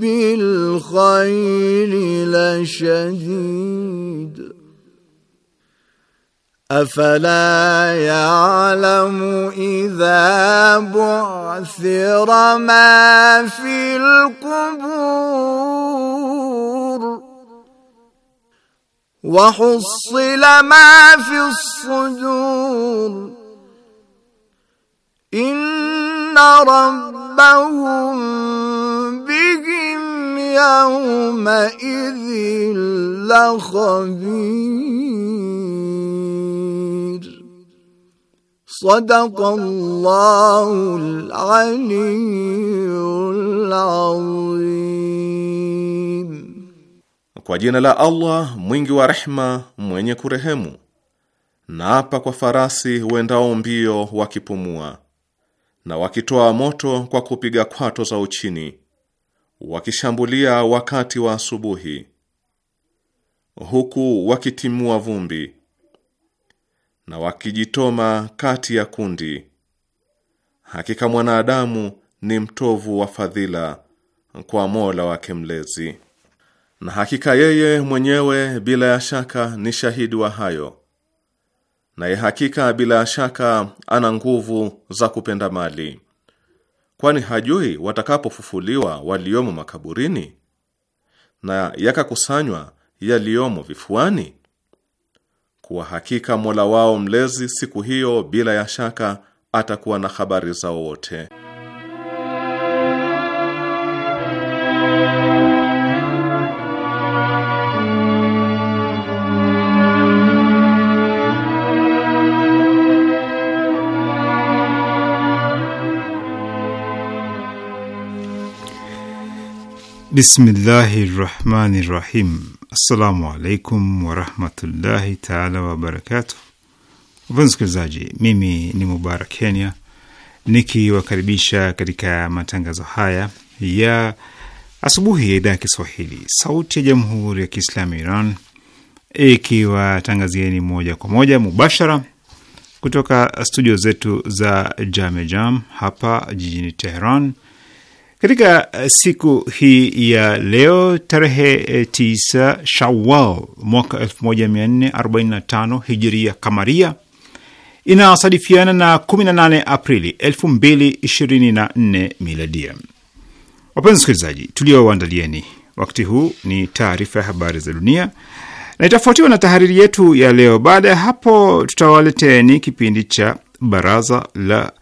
بالخير لشديد أفلا يعلم إذا بعثر ما في القبور وحصل ما في الصدور إن ربهم به يومئذ لخبير صدق الله العلي العظيم Kwa jina la Allah mwingi wa rehma mwenye kurehemu. Naapa kwa farasi wendao mbio wakipumua na wakitoa moto kwa kupiga kwato za uchini wakishambulia wakati wa asubuhi, huku wakitimua vumbi na wakijitoma kati ya kundi. Hakika mwanadamu ni mtovu wa fadhila kwa Mola wake Mlezi, na hakika yeye mwenyewe bila ya shaka ni shahidi wa hayo, naye hakika bila ya shaka ana nguvu za kupenda mali kwani hajui watakapofufuliwa waliomo makaburini na yakakusanywa yaliyomo vifuani? Kwa hakika Mola wao mlezi siku hiyo bila ya shaka atakuwa na habari zao wote. Bismillahi rahmani rahim. Assalamu alaikum warahmatullahi taala wabarakatu Wapenzi msikilizaji, mimi ni Mubarak Kenya nikiwakaribisha katika matangazo haya ya asubuhi ya idhaa ya Kiswahili sauti ya jamhuri ya Kiislamu Iran ikiwatangazieni moja kwa moja mubashara kutoka studio zetu za Jamejam Jam hapa jijini Teheran katika eh, siku hii ya leo tarehe 9 eh, Shawal mwaka 1445 hijiria kamaria inasadifiana na 18 Aprili 2024 miladia. Wapenzi wasikilizaji, tuliowaandalieni wakati huu ni taarifa ya habari za dunia na itafuatiwa na tahariri yetu ya leo. Baada ya hapo, tutawaleteni kipindi cha baraza la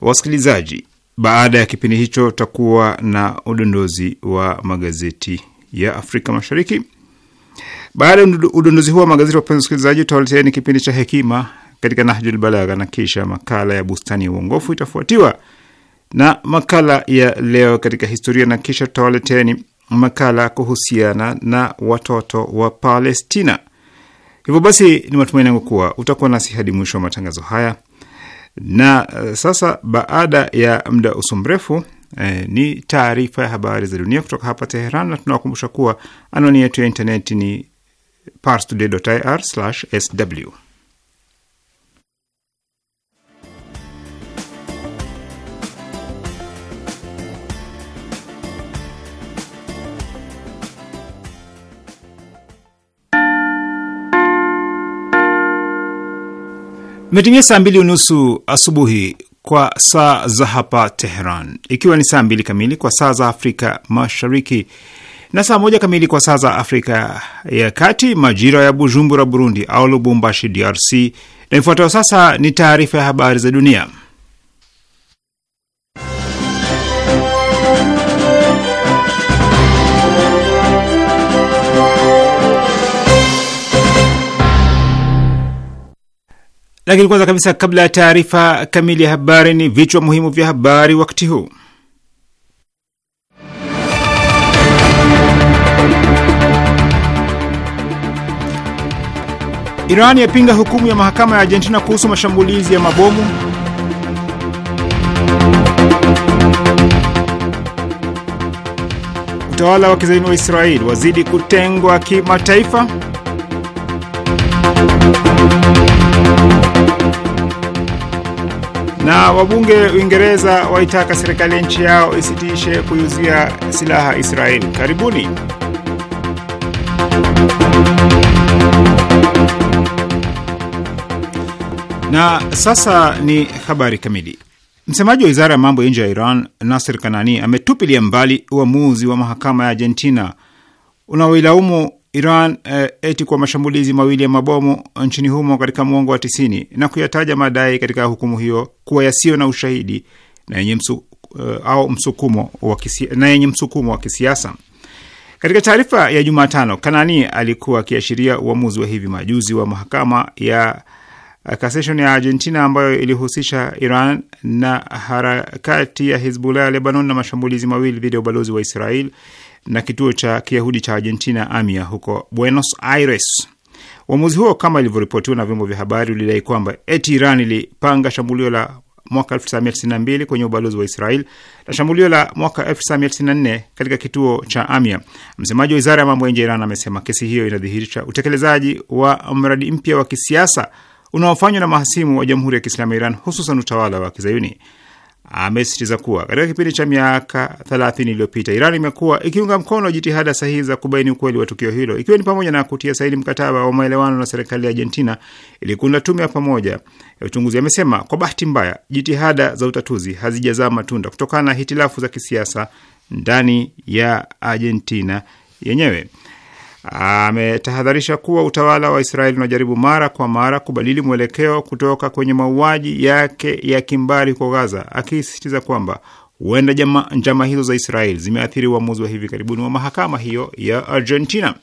wasikilizaji baada ya kipindi hicho tutakuwa na udondozi wa magazeti ya Afrika Mashariki. Baada ya udondozi huo wa magazeti, wapenzi wasikilizaji, utawaleteeni kipindi cha hekima katika Nahjul Balagha na kisha makala ya bustani ya uongofu itafuatiwa na makala ya leo katika historia na kisha tutawaleteni makala kuhusiana na watoto wa Palestina. Hivyo basi, ni matumaini yangu kuwa utakuwa nasi hadi mwisho wa matangazo haya na eh, sasa baada ya muda usu mrefu eh, ni taarifa ya habari za dunia kutoka hapa Teheran, na tunawakumbusha kuwa anwani yetu ya intaneti ni parstoday.ir/sw Imetimia saa mbili unusu asubuhi kwa saa za hapa Teheran, ikiwa ni saa mbili kamili kwa saa za Afrika Mashariki na saa moja kamili kwa saa za Afrika ya Kati, majira ya Bujumbura, Burundi, au Lubumbashi, DRC. Na ifuatayo sasa ni taarifa ya habari za dunia. Lakini kwanza kabisa, kabla ya taarifa kamili ya habari, ni vichwa muhimu vya habari wakati huu. Iran yapinga hukumu ya mahakama ya Argentina kuhusu mashambulizi ya mabomu. Utawala wa kizaini wa Israeli wazidi kutengwa kimataifa. na wabunge Uingereza waitaka serikali ya nchi yao isitishe kuiuzia silaha Israeli. Karibuni. Na sasa ni habari kamili. Msemaji wa wizara ya mambo ya nje ya Iran, Nasir Kanani, ametupilia mbali uamuzi wa mahakama ya Argentina unaoilaumu Iran eh, eti kwa mashambulizi mawili ya mabomu nchini humo katika mwongo wa tisini na kuyataja madai katika hukumu hiyo kuwa yasiyo na ushahidi na yenye msu, eh, au msukumo wa kisi, na yenye msukumo wa kisiasa. Katika taarifa ya Jumatano, Kanani alikuwa akiashiria uamuzi wa hivi majuzi wa mahakama ya Cassation ya Argentina ambayo ilihusisha Iran na harakati ya Hizbullah ya Lebanon na mashambulizi mawili dhidi ya ubalozi wa Israel na kituo cha Kiyahudi cha Argentina AMIA huko Buenos Aires. Uamuzi huo kama ilivyoripotiwa na vyombo vya habari ulidai kwamba eti Iran ilipanga shambulio la mwaka 1992 kwenye ubalozi wa Israel na shambulio la mwaka 1994 katika kituo cha AMIA. Msemaji wa wizara ya mambo ya nje ya Iran amesema kesi hiyo inadhihirisha utekelezaji wa mradi mpya wa kisiasa unaofanywa na mahasimu wa Jamhuri ya Kiislamu ya Iran, hususan utawala wa Kizayuni amesisitiza kuwa katika kipindi cha miaka 30 iliyopita Iran imekuwa ikiunga mkono jitihada sahihi za kubaini ukweli wa tukio hilo, ikiwa ni pamoja na kutia saini mkataba wa maelewano na serikali ya Argentina ili kuunda tume ya pamoja ya uchunguzi. Amesema kwa bahati mbaya, jitihada za utatuzi hazijazaa matunda kutokana na hitilafu za kisiasa ndani ya Argentina yenyewe ametahadharisha kuwa utawala wa Israeli unajaribu mara kwa mara kubadili mwelekeo kutoka kwenye mauaji yake ya kimbari huko Gaza, akisisitiza kwamba huenda njama hizo za Israeli zimeathiri uamuzi wa hivi karibuni wa mahakama hiyo ya Argentina.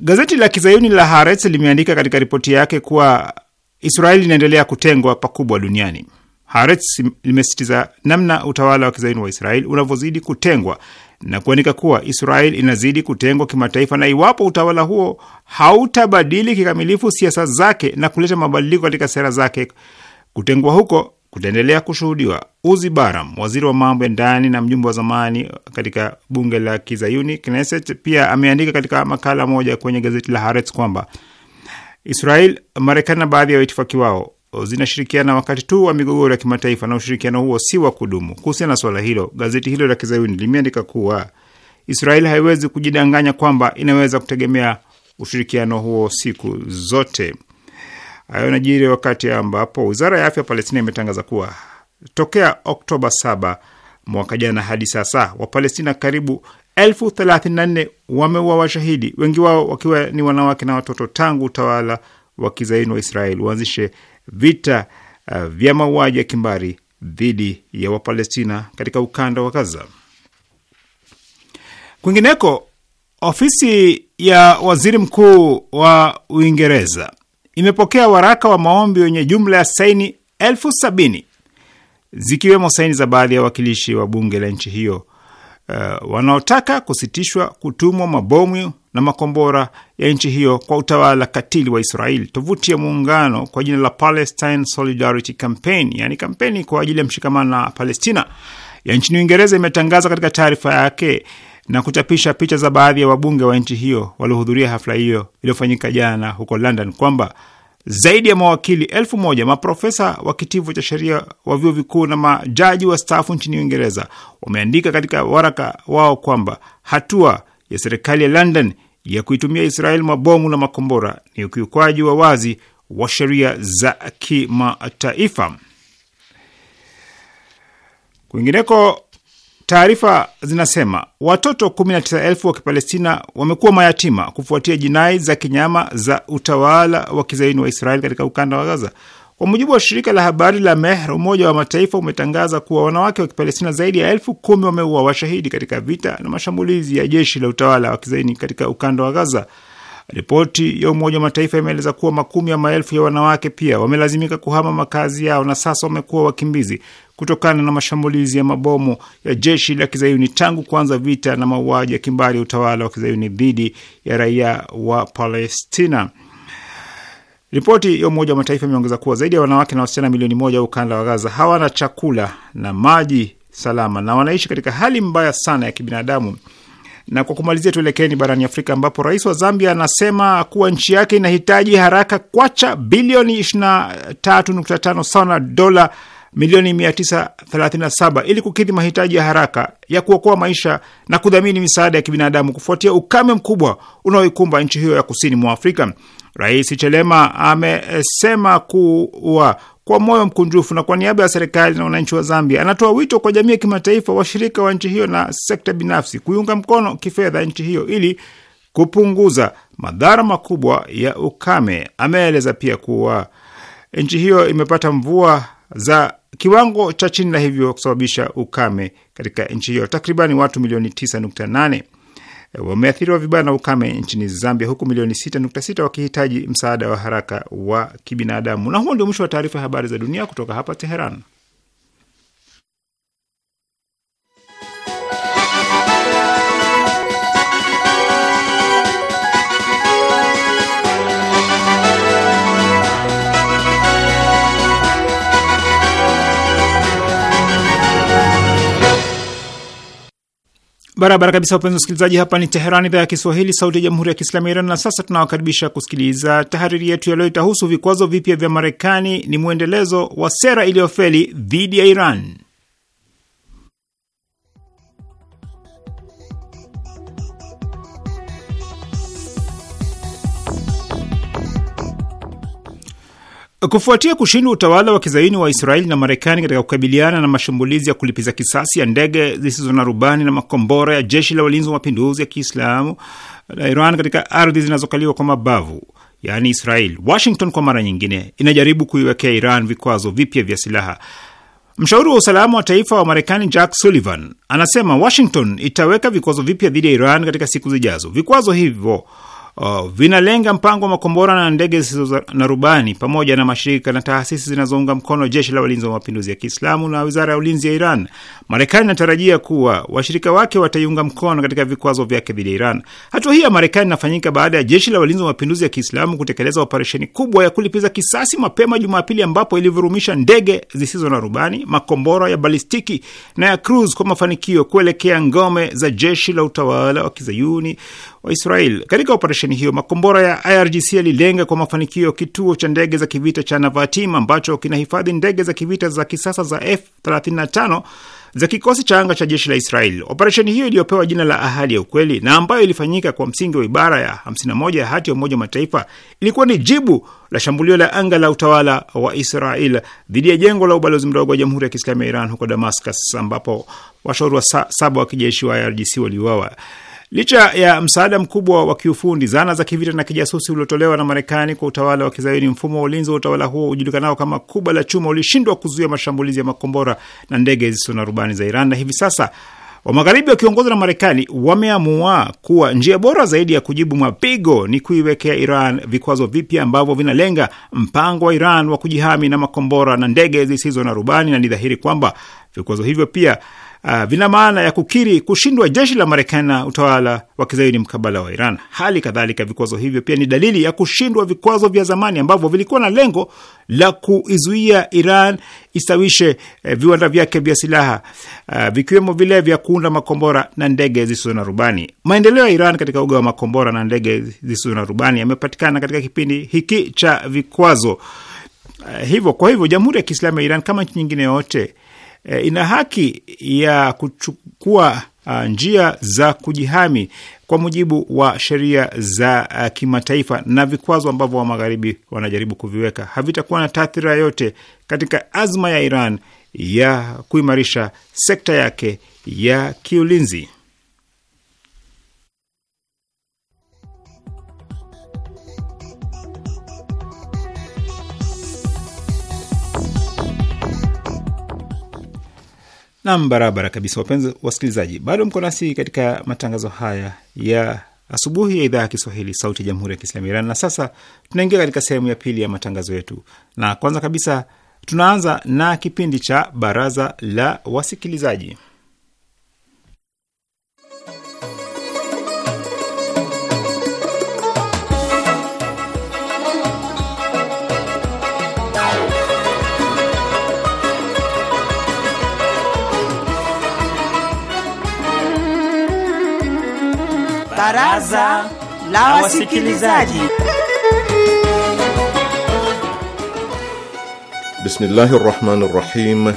Gazeti la kizayuni la Haaretz limeandika katika ripoti yake kuwa Israeli inaendelea kutengwa pakubwa duniani. Haaretz limesisitiza namna utawala wa kizayuni wa Israeli unavyozidi kutengwa na kuandika kuwa Israel inazidi kutengwa kimataifa na iwapo utawala huo hautabadili kikamilifu siasa zake na kuleta mabadiliko katika sera zake, kutengwa huko kutaendelea kushuhudiwa. Uzi Baram, waziri wa mambo ya ndani na mjumbe wa zamani katika bunge la kizayuni Knesset, pia ameandika katika makala moja kwenye gazeti la Haaretz kwamba Israel, Marekani na baadhi ya waitifaki wao zinashirikiana wakati tu wa migogoro ya kimataifa, na ushirikiano huo si wa kudumu. Kuhusiana na suala hilo, gazeti hilo la kizayuni limeandika kuwa Israeli haiwezi kujidanganya kwamba inaweza kutegemea ushirikiano huo siku zote. Hayo najiri wakati ambapo wizara ya afya Palestina imetangaza kuwa tokea Oktoba 7 mwaka jana hadi sasa Wapalestina karibu elfu thelathini na nne wameuawa washahidi, wengi wao wakiwa ni wanawake na watoto, tangu utawala wa kizaini wa Israeli uanzishe vita uh, vya mauaji ya kimbari dhidi ya Wapalestina katika ukanda wa Gaza. Kwingineko, ofisi ya waziri mkuu wa Uingereza imepokea waraka wa maombi wenye jumla ya saini elfu sabini zikiwemo saini za baadhi ya wawakilishi wa bunge la nchi hiyo uh, wanaotaka kusitishwa kutumwa mabomu na makombora ya nchi hiyo kwa utawala katili wa Israel. Tovuti ya muungano kwa jina la Palestine Solidarity Campaign, yani kampeni kwa ajili ya mshikamano na Palestina ya nchini Uingereza imetangaza katika taarifa yake na kuchapisha picha za baadhi ya wabunge wa nchi hiyo waliohudhuria hafla hiyo iliyofanyika jana huko London kwamba zaidi ya mawakili elfu moja maprofesa wa kitivo cha sheria wa vyuo vikuu na majaji wastaafu nchini Uingereza wameandika katika waraka wao kwamba hatua ya serikali ya London ya kuitumia Israel mabomu na makombora ni ukiukwaji wa wazi wa sheria za kimataifa. Kwingineko, taarifa zinasema watoto 19,000 wa Kipalestina wamekuwa mayatima kufuatia jinai za kinyama za utawala wa kizaini wa Israel katika ukanda wa Gaza. Kwa mujibu wa shirika la habari la Mehr, Umoja wa Mataifa umetangaza kuwa wanawake wa Kipalestina zaidi ya elfu kumi wameua washahidi katika vita na mashambulizi ya jeshi la utawala wa kizaini katika ukanda wa Gaza. Ripoti ya Umoja wa Mataifa imeeleza kuwa makumi ya maelfu ya wanawake pia wamelazimika kuhama makazi yao na sasa wamekuwa wakimbizi kutokana na mashambulizi ya mabomu ya jeshi la kizayuni tangu kuanza vita na mauaji ya kimbari ya utawala wa kizayuni dhidi ya raia wa Palestina. Ripoti ya Umoja wa Mataifa imeongeza kuwa zaidi ya wanawake na wasichana milioni moja ukanda wa Gaza hawana chakula na maji salama na wanaishi katika hali mbaya sana ya kibinadamu. Na kwa kumalizia, tuelekeni barani Afrika ambapo rais wa Zambia anasema kuwa nchi yake inahitaji haraka kwacha bilioni 23.5 sawa na dola milioni 937 ili kukidhi mahitaji ya haraka ya kuokoa maisha na kudhamini misaada ya kibinadamu kufuatia ukame mkubwa unaoikumba nchi hiyo ya kusini mwa Afrika. Rais Chelema amesema kuwa kwa moyo mkunjufu na kwa niaba ya serikali na wananchi wa Zambia anatoa wito kwa jamii ya kimataifa, washirika wa nchi hiyo na sekta binafsi kuiunga mkono kifedha nchi hiyo ili kupunguza madhara makubwa ya ukame. Ameeleza pia kuwa nchi hiyo imepata mvua za kiwango cha chini na hivyo kusababisha ukame katika nchi hiyo. Takribani watu milioni 9.8 wameathiriwa vibaya na ukame nchini Zambia, huku milioni 6.6 wakihitaji msaada wa haraka wa kibinadamu. Na huo ndio mwisho wa taarifa ya habari za dunia kutoka hapa Teheran. Barabara kabisa, wapenzi wasikilizaji, hapa ni teheran idhaa ya Kiswahili, sauti ya jamhuri ya kiislamu ya Iran. Na sasa tunawakaribisha kusikiliza tahariri yetu ya leo. Itahusu vikwazo vipya vya Marekani, ni mwendelezo wa sera iliyofeli dhidi ya Iran. Kufuatia kushindwa utawala wa kizaini wa Israeli na Marekani katika kukabiliana na mashambulizi ya kulipiza kisasi ya ndege zisizo na rubani na makombora ya jeshi la walinzi wa mapinduzi ya Kiislamu la Iran katika ardhi zinazokaliwa kwa mabavu yaani Israel, Washington kwa mara nyingine inajaribu kuiwekea Iran vikwazo vipya vya silaha. Mshauri wa usalama wa taifa wa Marekani Jack Sullivan anasema Washington itaweka vikwazo vipya dhidi ya Iran katika siku zijazo. Vikwazo hivyo Uh, vinalenga mpango wa makombora na ndege zisizo na rubani pamoja na mashirika na taasisi zinazounga mkono jeshi la walinzi wa mapinduzi ya Kiislamu na wizara ya ulinzi ya Iran. Marekani inatarajia kuwa washirika wake wataiunga mkono katika vikwazo vyake dhidi ya Iran. Hatua hii ya Marekani inafanyika baada ya jeshi la walinzi wa mapinduzi ya Kiislamu kutekeleza operesheni kubwa ya kulipiza kisasi mapema Jumapili, ambapo ilivurumisha ndege zisizo na rubani, makombora ya balistiki na ya cruise kwa mafanikio kuelekea ngome za jeshi la utawala wa kizayuni wa Israel. Katika operesheni hiyo, makombora ya IRGC yalilenga kwa mafanikio kituo cha ndege za kivita cha Navatim ambacho kinahifadhi ndege za kivita za kisasa za F35 za kikosi cha anga cha jeshi la Israel. Operesheni hiyo iliyopewa jina la Ahadi ya Ukweli na ambayo ilifanyika kwa msingi wa ibara ya 51 ya hati ya Umoja wa Mataifa ilikuwa ni jibu la shambulio la anga la utawala wa Israel dhidi ya jengo la ubalozi mdogo wa Jamhuri ya Kiislamu ya Iran huko Damascus, ambapo washauri wa saba wa kijeshi wa IRGC waliuawa. Licha ya msaada mkubwa wa kiufundi, zana za kivita na kijasusi uliotolewa na Marekani kwa utawala wa kizayuni, mfumo wa ulinzi wa utawala huo ujulikanao kama kuba la chuma ulishindwa kuzuia mashambulizi ya makombora na ndege zisizo na rubani za Iran, na hivi sasa wa Magharibi wakiongozwa na Marekani wameamua kuwa njia bora zaidi ya kujibu mapigo ni kuiwekea Iran vikwazo vipya ambavyo vinalenga mpango wa Iran wa kujihami na makombora na ndege zisizo na rubani, na ni dhahiri kwamba vikwazo hivyo pia uh, vina maana ya kukiri kushindwa jeshi la Marekani na utawala wa kizayuni mkabala wa Iran. Hali kadhalika, vikwazo hivyo pia ni dalili ya kushindwa vikwazo vya zamani ambavyo vilikuwa na lengo la kuizuia Iran isawishe uh, viwanda vyake vya silaha uh, vikiwemo vile vya kuunda makombora na ndege zisizo na rubani. Maendeleo ya Iran katika uga wa makombora na ndege zisizo na rubani yamepatikana katika kipindi hiki cha vikwazo uh, hivyo. Kwa hivyo Jamhuri ya Kiislamu ya Iran kama nchi nyingine yoyote Eh, ina haki ya kuchukua ah, njia za kujihami kwa mujibu wa sheria za ah, kimataifa, na vikwazo ambavyo wa magharibi wanajaribu kuviweka havitakuwa na taathira yote katika azma ya Iran ya kuimarisha sekta yake ya kiulinzi. Nam, barabara kabisa, wapenzi wasikilizaji, bado mko nasi katika matangazo haya ya asubuhi ya idhaa ya Kiswahili sauti ya jamhuri ya kiislamu Iran. Na sasa tunaingia katika sehemu ya pili ya matangazo yetu, na kwanza kabisa tunaanza na kipindi cha baraza la wasikilizaji. Baraza la Wasikilizaji. Bismillahi rahmani rahim.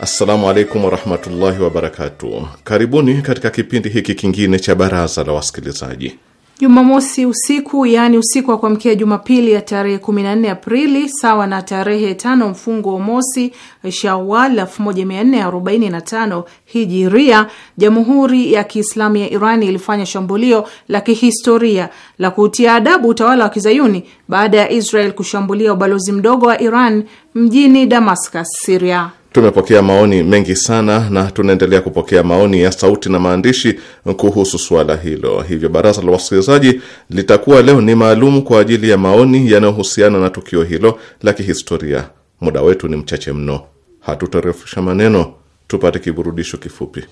Assalamu alaikum warahmatullahi wabarakatuh. Karibuni katika kipindi hiki kingine cha Baraza la Wasikilizaji. Jumamosi usiku, yaani usiku wa kuamkia Jumapili ya tarehe 14 Aprili sawa na tarehe tano mfungo wa mosi Shawal 1445 Hijiria, Jamhuri ya Kiislamu ya Iran ilifanya shambulio la kihistoria la kutia adabu utawala wa Kizayuni baada ya Israel kushambulia ubalozi mdogo wa Iran mjini Damascus, Syria. Tumepokea maoni mengi sana na tunaendelea kupokea maoni ya sauti na maandishi kuhusu suala hilo. Hivyo baraza la wasikilizaji litakuwa leo ni maalum kwa ajili ya maoni yanayohusiana na tukio hilo la kihistoria. Muda wetu ni mchache mno, hatutarefusha maneno, tupate kiburudisho kifupi.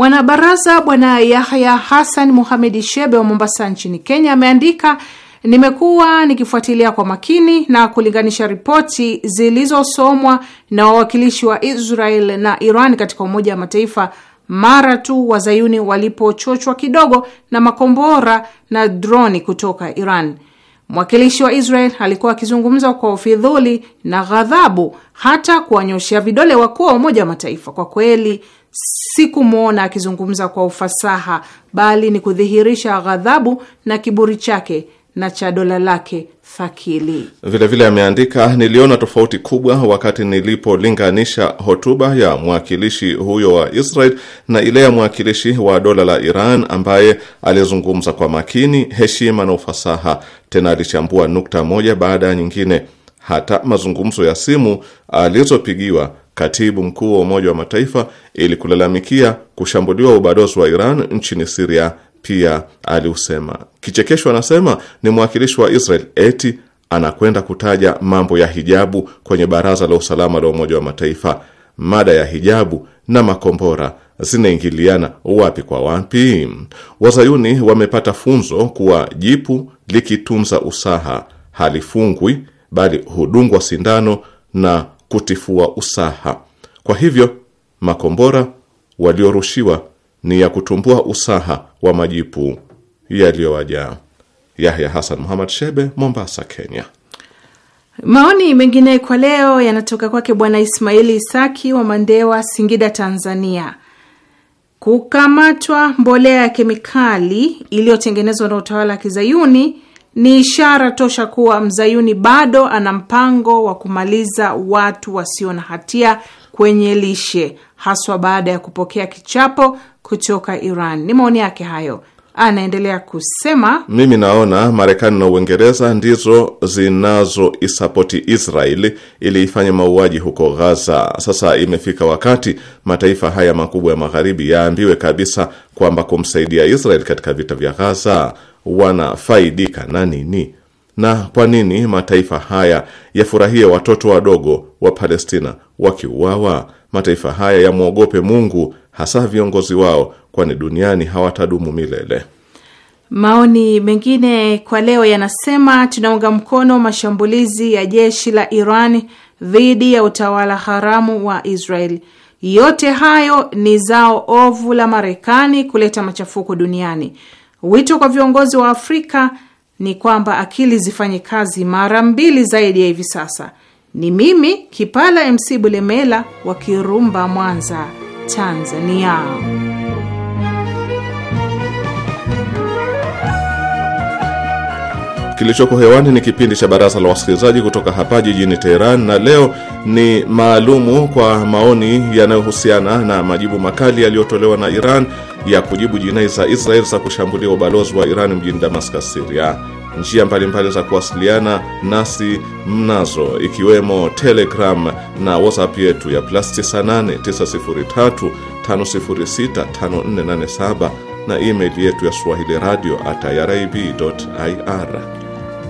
Mwanabaraza Bwana Yahya Hassan Muhamedi Shebe wa Mombasa nchini Kenya ameandika Nimekuwa nikifuatilia kwa makini na kulinganisha ripoti zilizosomwa na wawakilishi wa Israel na Iran katika Umoja wa Mataifa mara tu wazayuni walipochochwa kidogo na makombora na droni kutoka Iran. Mwakilishi wa Israel alikuwa akizungumza kwa ufidhuli na ghadhabu, hata kuwanyoshea vidole wakuu wa Umoja wa Mataifa. Kwa kweli si kumwona akizungumza kwa ufasaha, bali ni kudhihirisha ghadhabu na kiburi chake na cha dola lake thakili. Vilevile ameandika, niliona tofauti kubwa wakati nilipolinganisha hotuba ya mwakilishi huyo wa Israel na ile ya mwakilishi wa dola la Iran ambaye alizungumza kwa makini, heshima na ufasaha, tena alichambua nukta moja baada ya nyingine. Hata mazungumzo ya simu alizopigiwa katibu mkuu wa Umoja wa Mataifa ili kulalamikia kushambuliwa ubalozi wa Iran nchini Siria pia aliusema. Kichekesho anasema ni mwakilishi wa Israel eti anakwenda kutaja mambo ya hijabu kwenye Baraza la Usalama la Umoja wa Mataifa. Mada ya hijabu na makombora zinaingiliana wapi kwa wapi? Wazayuni wamepata funzo kuwa jipu likitunza usaha halifungwi, bali hudungwa sindano na kutifua usaha. Kwa hivyo makombora waliorushiwa ni ya kutumbua usaha wa majipu yaliyowajaa. Yahya Hassan Muhammad Shebe, Mombasa, Kenya. Maoni mengine kwa leo yanatoka kwake Bwana Ismaili Isaki wa Mandewa, Singida, Tanzania. Kukamatwa mbolea ya kemikali iliyotengenezwa na utawala wa kizayuni ni ishara tosha kuwa mzayuni bado ana mpango wa kumaliza watu wasio na hatia kwenye lishe, haswa baada ya kupokea kichapo kutoka Iran. Ni maoni yake hayo. Anaendelea kusema, mimi naona Marekani na Uingereza ndizo zinazoisapoti Israeli ili ifanye mauaji huko Gaza. Sasa imefika wakati mataifa haya makubwa ya magharibi yaambiwe kabisa kwamba kumsaidia Israeli katika vita vya Gaza wanafaidika na nini, na kwa nini mataifa haya yafurahie watoto wadogo wa Palestina wakiuawa? Mataifa haya yamwogope Mungu, hasa viongozi wao, kwani duniani hawatadumu milele. Maoni mengine kwa leo yanasema tunaunga mkono mashambulizi ya jeshi la Iran dhidi ya utawala haramu wa Israel. Yote hayo ni zao ovu la Marekani kuleta machafuko duniani. Wito kwa viongozi wa Afrika ni kwamba akili zifanye kazi mara mbili zaidi ya hivi sasa. Ni mimi Kipala MC Bulemela wa Kirumba, Mwanza, Tanzania. Kilichoko hewani ni kipindi cha Baraza la Wasikilizaji kutoka hapa jijini Teheran, na leo ni maalumu kwa maoni yanayohusiana na majibu makali yaliyotolewa na Iran ya kujibu jinai za Israel za kushambulia ubalozi wa Iran mjini Damascus, Syria. Njia mbalimbali za kuwasiliana nasi mnazo, ikiwemo Telegram na WhatsApp yetu ya plus 989035065487 na email yetu ya swahili radio at irib.ir.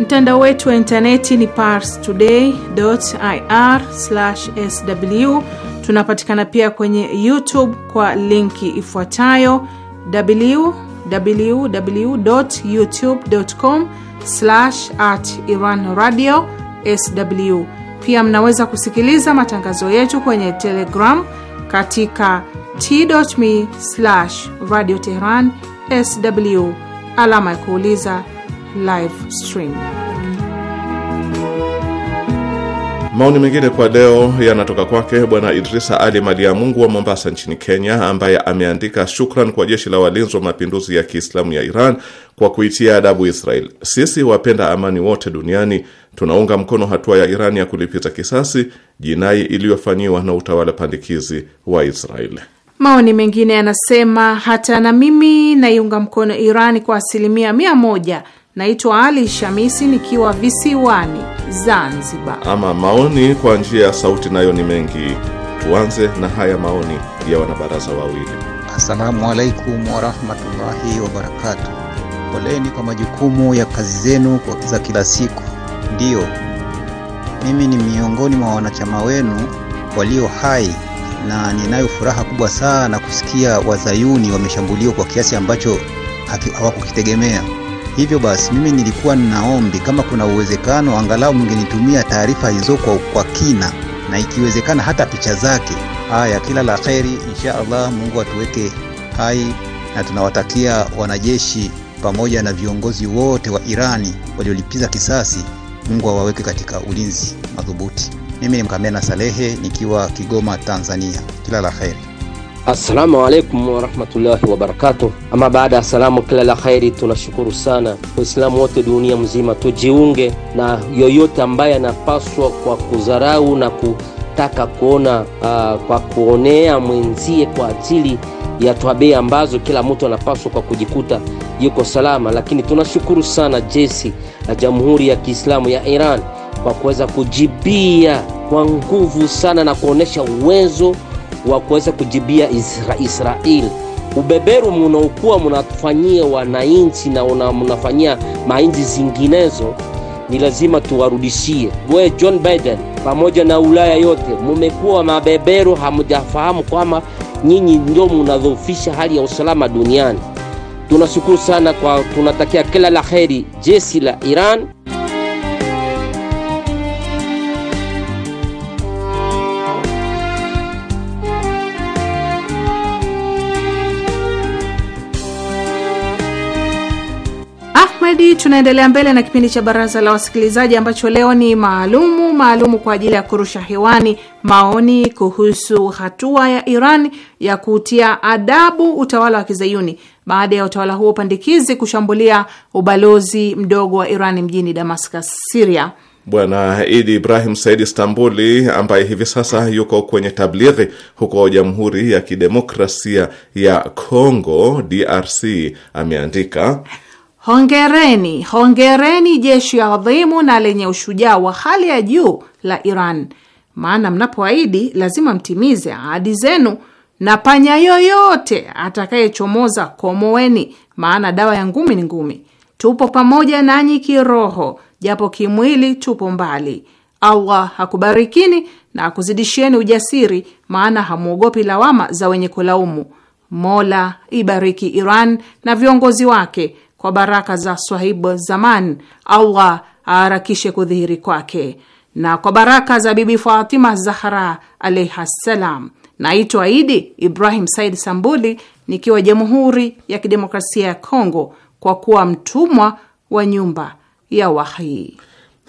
Mtandao wetu wa intaneti ni parstoday.ir/sw. Tunapatikana pia kwenye YouTube kwa linki ifuatayo www.youtube.com/iranradio sw. Pia mnaweza kusikiliza matangazo yetu kwenye Telegram katika t.me/radio tehran sw alama ya kuuliza live stream. Maoni mengine kwa leo yanatoka kwake Bwana Idrisa Ali Mali ya Mungu wa Mombasa nchini Kenya, ambaye ameandika shukran kwa jeshi la walinzi wa mapinduzi ya Kiislamu ya Iran kwa kuitia adabu Israel. Sisi wapenda amani wote duniani tunaunga mkono hatua ya Iran ya kulipiza kisasi jinai iliyofanyiwa na utawala pandikizi wa Israel. Maoni mengine yanasema hata na mimi naiunga mkono Iran kwa asilimia mia moja Naitwa Ali Shamisi nikiwa visiwani Zanzibar. Ama maoni kwa njia ya sauti nayo ni mengi. Tuanze na haya maoni ya wanabaraza wawili. Assalamu alaikum warahmatullahi wabarakatu. Poleni kwa majukumu ya kazi zenu za kila siku. Ndiyo, mimi ni miongoni mwa wanachama wenu walio hai na ninayo furaha kubwa sana kusikia wazayuni wameshambuliwa kwa kiasi ambacho hawakukitegemea. Hivyo basi mimi nilikuwa ninaombi kama kuna uwezekano angalau mngenitumia taarifa hizo kwa, kwa kina na ikiwezekana hata picha zake. Haya, kila la kheri insha Allah. Mungu atuweke hai na tunawatakia wanajeshi pamoja na viongozi wote wa Irani waliolipiza kisasi, Mungu awaweke katika ulinzi madhubuti. Mimi ni Mkamena Salehe nikiwa Kigoma, Tanzania. Kila la kheri. Assalamu alaikum warahmatullahi wabarakatuh. Ama baada ya salamu, kila la kheri. Tunashukuru sana Waislamu wote dunia mzima, tujiunge na yoyote ambaye anapaswa kwa kudharau na kutaka kuona uh, kwa kuonea mwenzie kwa ajili ya twabei ambazo kila mtu anapaswa kwa kujikuta yuko salama. Lakini tunashukuru sana jesi la Jamhuri ya Kiislamu ya Iran kwa kuweza kujibia kwa nguvu sana na kuonesha uwezo wa kuweza kujibia Isra Israel. ubeberu munaokuwa munatufanyia wananchi na una munafanyia mainchi zinginezo, ni lazima tuwarudishie. We John Biden pamoja na Ulaya yote mumekuwa mabeberu, hamujafahamu kwamba nyinyi ndio munadhoofisha hali ya usalama duniani. Tunashukuru sana kwa, tunatakia kila la heri jeshi la Iran. hii tunaendelea mbele na kipindi cha baraza la wasikilizaji ambacho leo ni maalumu maalumu kwa ajili ya kurusha hewani maoni kuhusu hatua ya Iran ya kutia adabu utawala wa kizayuni baada ya utawala huo pandikizi kushambulia ubalozi mdogo wa Iran mjini Damascus, Syria. Bwana Idi Ibrahim Said Istambuli ambaye hivi sasa yuko kwenye tablighi huko Jamhuri ya Kidemokrasia ya congo DRC ameandika Hongereni, hongereni jeshi adhimu na lenye ushujaa wa hali ya juu la Iran, maana mnapoahidi lazima mtimize ahadi zenu, na panya yoyote atakayechomoza komoweni maana dawa ya ngumi ni ngumi. Tupo pamoja nanyi kiroho, japo kimwili tupo mbali. Allah hakubarikini na akuzidishieni ujasiri, maana hamwogopi lawama za wenye kulaumu. Mola ibariki Iran na viongozi wake kwa baraka za Swahibu Zaman, Allah aharakishe kudhihiri kwake, na kwa baraka za Bibi Fatima Zahra alaiha ssalam. Naitwa Idi Ibrahim Said Sambuli nikiwa Jamhuri ya Kidemokrasia ya Kongo, kwa kuwa mtumwa wa nyumba ya wahii.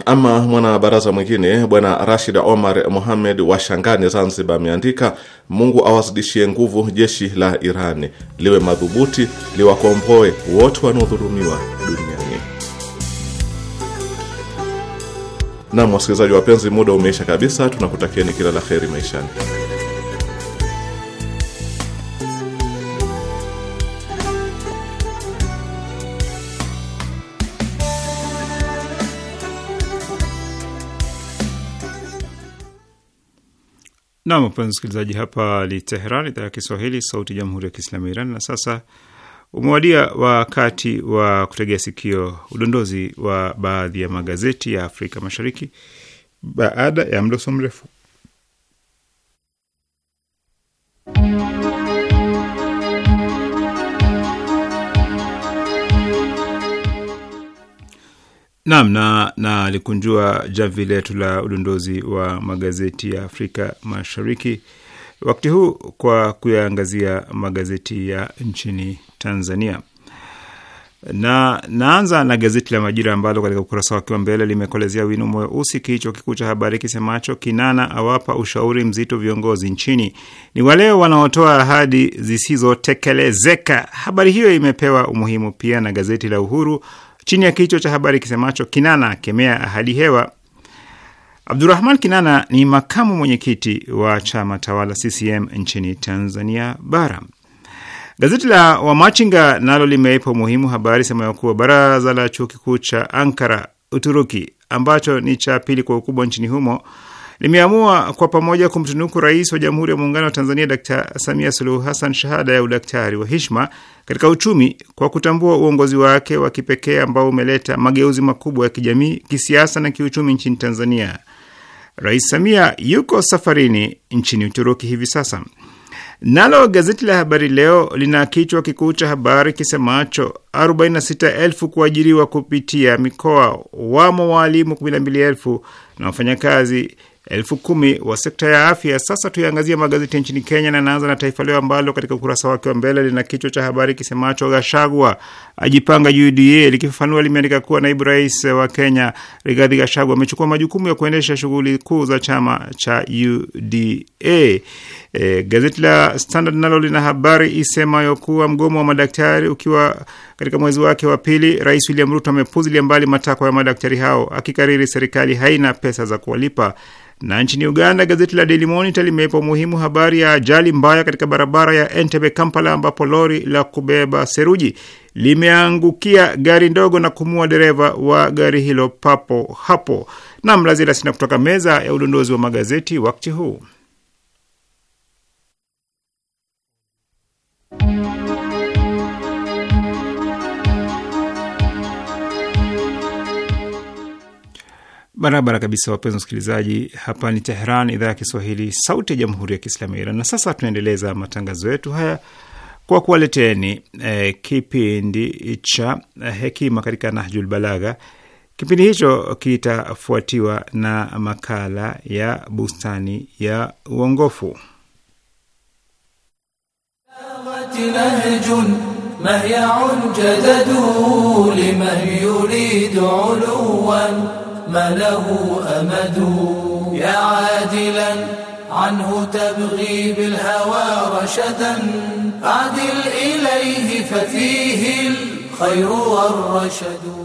Ama mwanabaraza mwingine bwana Rashid Omar muhamed wa Shangani, Zanzibar, ameandika Mungu awazidishie nguvu jeshi la Irani liwe madhubuti, liwakomboe wote wanaodhulumiwa duniani. Nam, wasikilizaji wapenzi, muda umeisha kabisa. Tunakutakieni kila la heri maishani. Nam, wapenzi msikilizaji, hapa ni Teheran, idhaa ya Kiswahili, sauti ya jamhuri ya kiislamu ya Iran. Na sasa umewadia wakati wa kutegea sikio udondozi wa baadhi ya magazeti ya Afrika Mashariki baada ya mdoso mrefu. Naam, na nalikunjua jamvi letu la udondozi wa magazeti ya Afrika Mashariki wakati huu kwa kuyaangazia magazeti ya nchini Tanzania na naanza na gazeti la Majira ambalo katika ukurasa wake wa mbele limekolezea wino mweusi kichwa kikuu cha habari kisemacho Kinana awapa ushauri mzito viongozi nchini, ni wale wanaotoa ahadi zisizotekelezeka. Habari hiyo imepewa umuhimu pia na gazeti la Uhuru chini ya kichwa cha habari kisemacho Kinana kemea ahadi hewa. Abdurahman Kinana ni makamu mwenyekiti wa chama tawala CCM nchini Tanzania Bara. Gazeti la Wamachinga nalo limeipa umuhimu habari semayo kuwa baraza la chuo kikuu cha Ankara, Uturuki, ambacho ni cha pili kwa ukubwa nchini humo limeamua kwa pamoja kumtunuku Rais wa Jamhuri ya Muungano wa Tanzania Dkt. Samia Suluhu Hassan shahada ya udaktari wa heshima katika uchumi kwa kutambua uongozi wake wa kipekee ambao umeleta mageuzi makubwa ya kijamii, kisiasa na kiuchumi nchini Tanzania. Rais Samia yuko safarini nchini Uturuki hivi sasa. Nalo gazeti la Habari Leo lina kichwa kikuu cha habari kisemacho 46,000 kuajiriwa kupitia mikoa, wamo waalimu 12,000 na wafanyakazi elfu kumi wa sekta ya afya. Sasa tuyaangazia magazeti nchini Kenya, na naanza na Taifa Leo ambalo katika ukurasa wake wa mbele lina kichwa cha habari kisemacho Gashagwa ajipanga UDA likifafanua limeandika kuwa naibu rais wa Kenya Rigathi Gachagua amechukua majukumu ya kuendesha shughuli kuu za chama cha UDA. E, gazeti la Standard nalo lina habari isemayo kuwa mgomo wa madaktari ukiwa katika mwezi wake wa pili, Rais William Ruto amepuzilia mbali matakwa ya madaktari hao akikariri serikali haina pesa za kuwalipa na nchini Uganda, gazeti la Daily Monitor limeipa umuhimu habari ya ajali mbaya katika barabara ya Entebbe Kampala, ambapo lori la kubeba seruji limeangukia gari ndogo na kumua dereva wa gari hilo papo hapo. na lazila sina kutoka meza ya udondozi wa magazeti wakati huu. Barabara kabisa, wapenzi wasikilizaji, hapa ni Teheran, idhaa ya Kiswahili, sauti ya jamhuri ya kiislamu ya Iran. Na sasa tunaendeleza matangazo yetu haya kwa kuwaleteni e, kipindi cha eh, hekima katika Nahjul Balagha. Kipindi hicho kitafuatiwa na makala ya bustani ya uongofu. عنه تبغي بالهوى رشدا عدل إليه ففيه الخير والرشد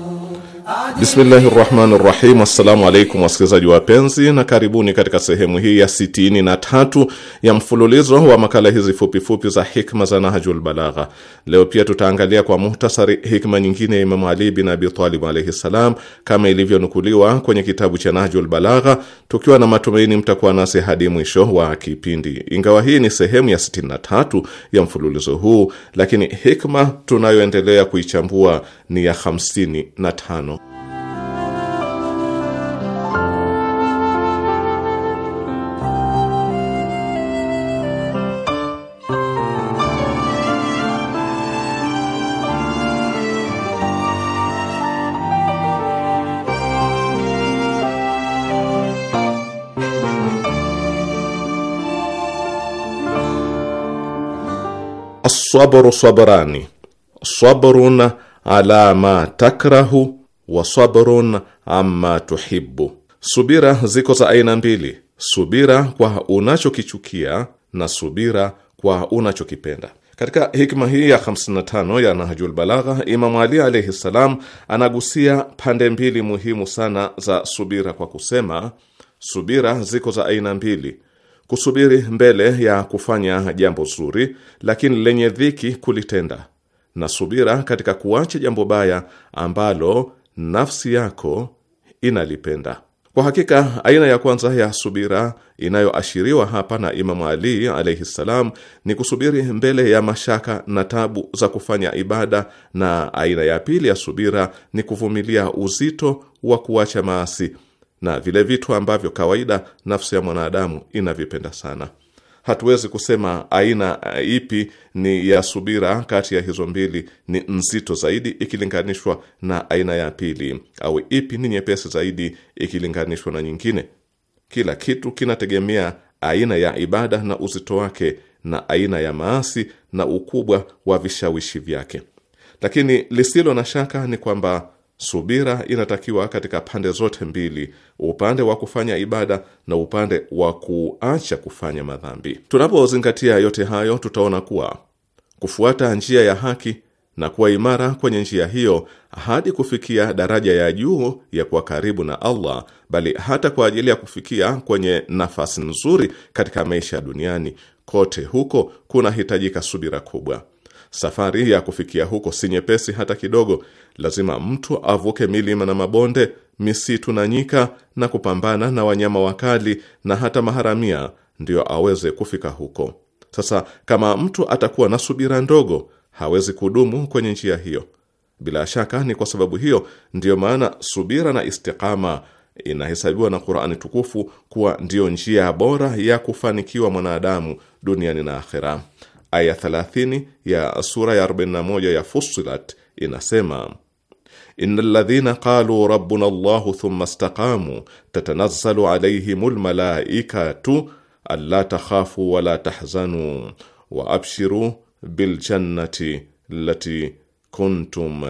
Bismillahi rahmani rahim. Assalamu alaikum wasikilizaji wapenzi, na karibuni katika sehemu hii ya sitini na tatu ya mfululizo wa makala hizi fupifupi za hikma za Nahjul Balagha. Leo pia tutaangalia kwa muhtasari hikma nyingine ya Imamu Ali bin Abi Talib alaihi ssalam, kama ilivyonukuliwa kwenye kitabu cha Nahjul Balagha, tukiwa na matumaini mtakuwa nasi hadi mwisho wa kipindi. Ingawa hii ni sehemu ya sitini na tatu ya mfululizo huu, lakini hikma tunayoendelea kuichambua ni ya hamsini na tano asabru sabrani sabrun ala ma takrahu wa sabrun amma tuhibbu, subira ziko za aina mbili, subira kwa unachokichukia na subira kwa unachokipenda. Katika hikma hii ya 55 ya Nahjul Balagha, Imam Ali alayhi salam anagusia pande mbili muhimu sana za subira kwa kusema, subira ziko za aina mbili kusubiri mbele ya kufanya jambo zuri, lakini lenye dhiki kulitenda, na subira katika kuacha jambo baya ambalo nafsi yako inalipenda. Kwa hakika aina ya kwanza ya subira inayoashiriwa hapa na Imamu Ali alaihi ssalam ni kusubiri mbele ya mashaka na tabu za kufanya ibada, na aina ya pili ya subira ni kuvumilia uzito wa kuacha maasi na vile vitu ambavyo kawaida nafsi ya mwanadamu inavipenda sana. Hatuwezi kusema aina eh, ipi ni ya subira kati ya hizo mbili ni nzito zaidi ikilinganishwa na aina ya pili, au ipi ni nyepesi zaidi ikilinganishwa na nyingine. Kila kitu kinategemea aina ya ibada na uzito wake na aina ya maasi na ukubwa wa vishawishi vyake. Lakini lisilo na shaka ni kwamba Subira inatakiwa katika pande zote mbili, upande wa kufanya ibada na upande wa kuacha kufanya madhambi. Tunapozingatia yote hayo, tutaona kuwa kufuata njia ya haki na kuwa imara kwenye njia hiyo hadi kufikia daraja ya juu ya kuwa karibu na Allah, bali hata kwa ajili ya kufikia kwenye nafasi nzuri katika maisha ya duniani, kote huko kunahitajika subira kubwa. Safari ya kufikia huko si nyepesi hata kidogo, lazima mtu avuke milima na mabonde, misitu na nyika, na kupambana na wanyama wakali na hata maharamia ndiyo aweze kufika huko. Sasa kama mtu atakuwa na subira ndogo, hawezi kudumu kwenye njia hiyo. Bila shaka ni kwa sababu hiyo ndiyo maana subira na istiqama inahesabiwa na Qur'ani tukufu kuwa ndiyo njia bora ya kufanikiwa mwanadamu duniani na akhera. Aya 30 ya sura ya 41 ya Fusilat inasema inna alladhina qalu rabbuna Allahu thumma staqamu tatanazzalu alayhimul malaikatu alla takhafu wala tahzanu wa abshiru bil jannati allati kuntum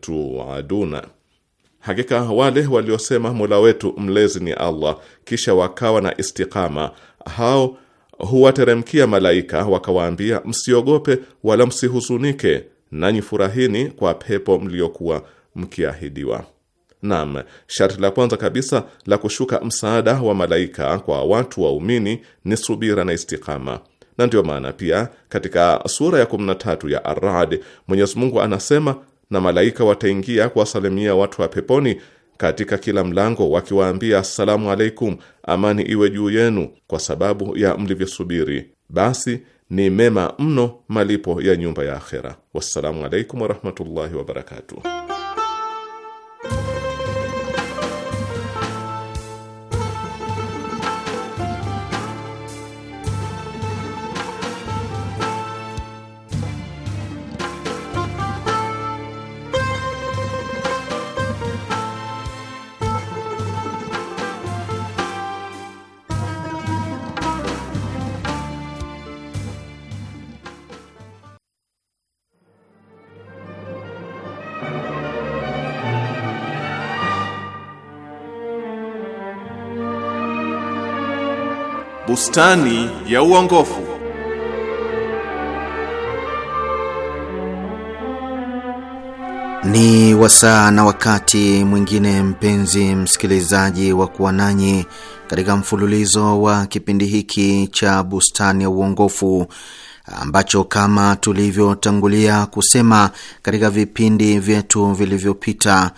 tuaduna, hakika wale waliosema Mola wetu mlezi ni Allah, kisha wakawa na istiqama, hao huwateremkia malaika wakawaambia, msiogope wala msihuzunike, nanyi furahini kwa pepo mliokuwa mkiahidiwa. Naam, sharti la kwanza kabisa la kushuka msaada wa malaika kwa watu waumini ni subira na istikama, na ndiyo maana pia katika sura ya 13 ya Arad rad Mwenyezi Mungu anasema, na malaika wataingia kuwasalimia watu wa peponi katika kila mlango wakiwaambia, assalamu alaikum, amani iwe juu yenu, kwa sababu ya mlivyosubiri, basi ni mema mno malipo ya nyumba ya akhera. Wassalamu alaikum warahmatullahi wabarakatuh. Bustani ya uongofu. Ni wasaa na wakati mwingine, mpenzi msikilizaji, wa kuwa nanyi katika mfululizo wa kipindi hiki cha Bustani ya Uongofu ambacho kama tulivyotangulia kusema katika vipindi vyetu vilivyopita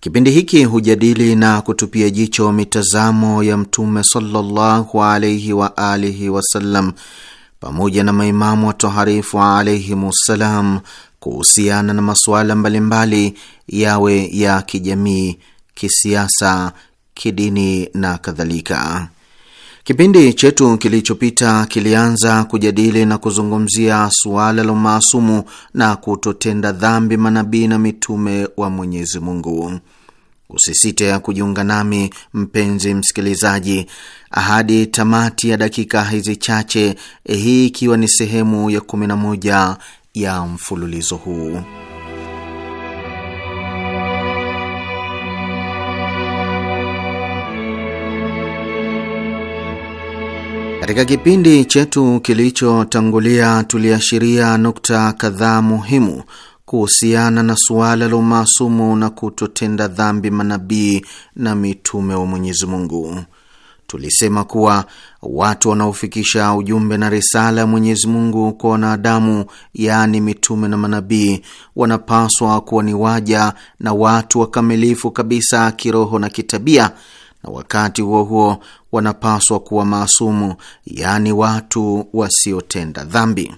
Kipindi hiki hujadili na kutupia jicho mitazamo ya Mtume sallallahu alaihi wa alihi wasallam pamoja na maimamu watoharifu alaihimussalam kuhusiana na masuala mbalimbali, yawe ya kijamii, kisiasa, kidini na kadhalika. Kipindi chetu kilichopita kilianza kujadili na kuzungumzia suala la umaasumu na kutotenda dhambi manabii na mitume wa Mwenyezi Mungu. Usisite kujiunga nami mpenzi msikilizaji, hadi tamati ya dakika hizi chache, hii ikiwa ni sehemu ya 11 ya mfululizo huu. Katika kipindi chetu kilichotangulia tuliashiria nukta kadhaa muhimu kuhusiana na suala la umaasumu na kutotenda dhambi manabii na mitume wa Mwenyezi Mungu. Tulisema kuwa watu wanaofikisha ujumbe na risala ya Mwenyezi Mungu kwa wanadamu, yaani mitume na manabii, wanapaswa kuwa ni waja na watu wakamilifu kabisa kiroho na kitabia, na wakati huo huo wanapaswa kuwa maasumu, yaani watu wasiotenda dhambi.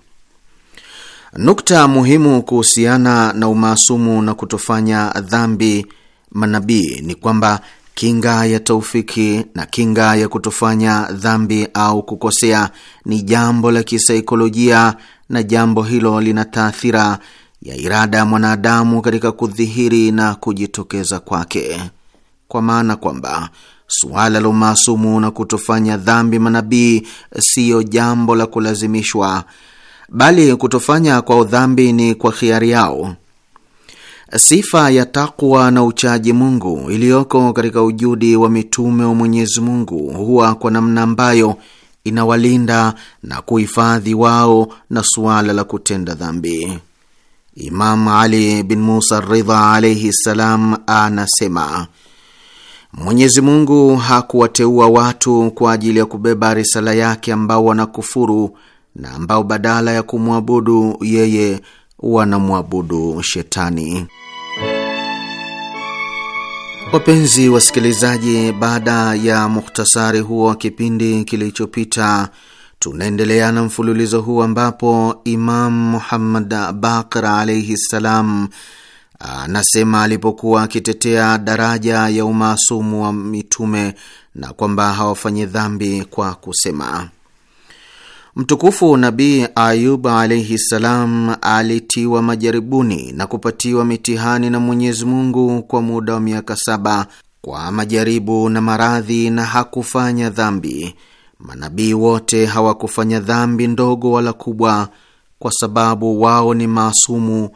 Nukta muhimu kuhusiana na umaasumu na kutofanya dhambi manabii ni kwamba kinga ya taufiki na kinga ya kutofanya dhambi au kukosea ni jambo la kisaikolojia, na jambo hilo lina taathira ya irada ya mwanadamu katika kudhihiri na kujitokeza kwake, kwa maana kwamba Suala la umaasumu na kutofanya dhambi manabii siyo jambo la kulazimishwa, bali kutofanya kwa udhambi ni kwa khiari yao. Sifa ya takwa na uchaji Mungu iliyoko katika ujudi wa mitume wa Mwenyezi Mungu huwa kwa namna ambayo inawalinda na kuhifadhi wao na suala la kutenda dhambi. Imam Ali bin Musa Ridha alaihi ssalam anasema: Mwenyezi Mungu hakuwateua watu kwa ajili ya kubeba risala yake ambao wanakufuru na ambao badala ya kumwabudu yeye wanamwabudu shetani. Wapenzi wasikilizaji, baada ya muhtasari huo wa kipindi kilichopita, tunaendelea na mfululizo huu ambapo Imam Muhammad Baqir alaihi ssalam anasema alipokuwa akitetea daraja ya umaasumu wa mitume na kwamba hawafanyi dhambi kwa kusema Mtukufu Nabii Ayub alaihi ssalam alitiwa majaribuni na kupatiwa mitihani na Mwenyezi Mungu kwa muda wa miaka saba kwa majaribu na maradhi, na hakufanya dhambi. Manabii wote hawakufanya dhambi ndogo wala kubwa, kwa sababu wao ni maasumu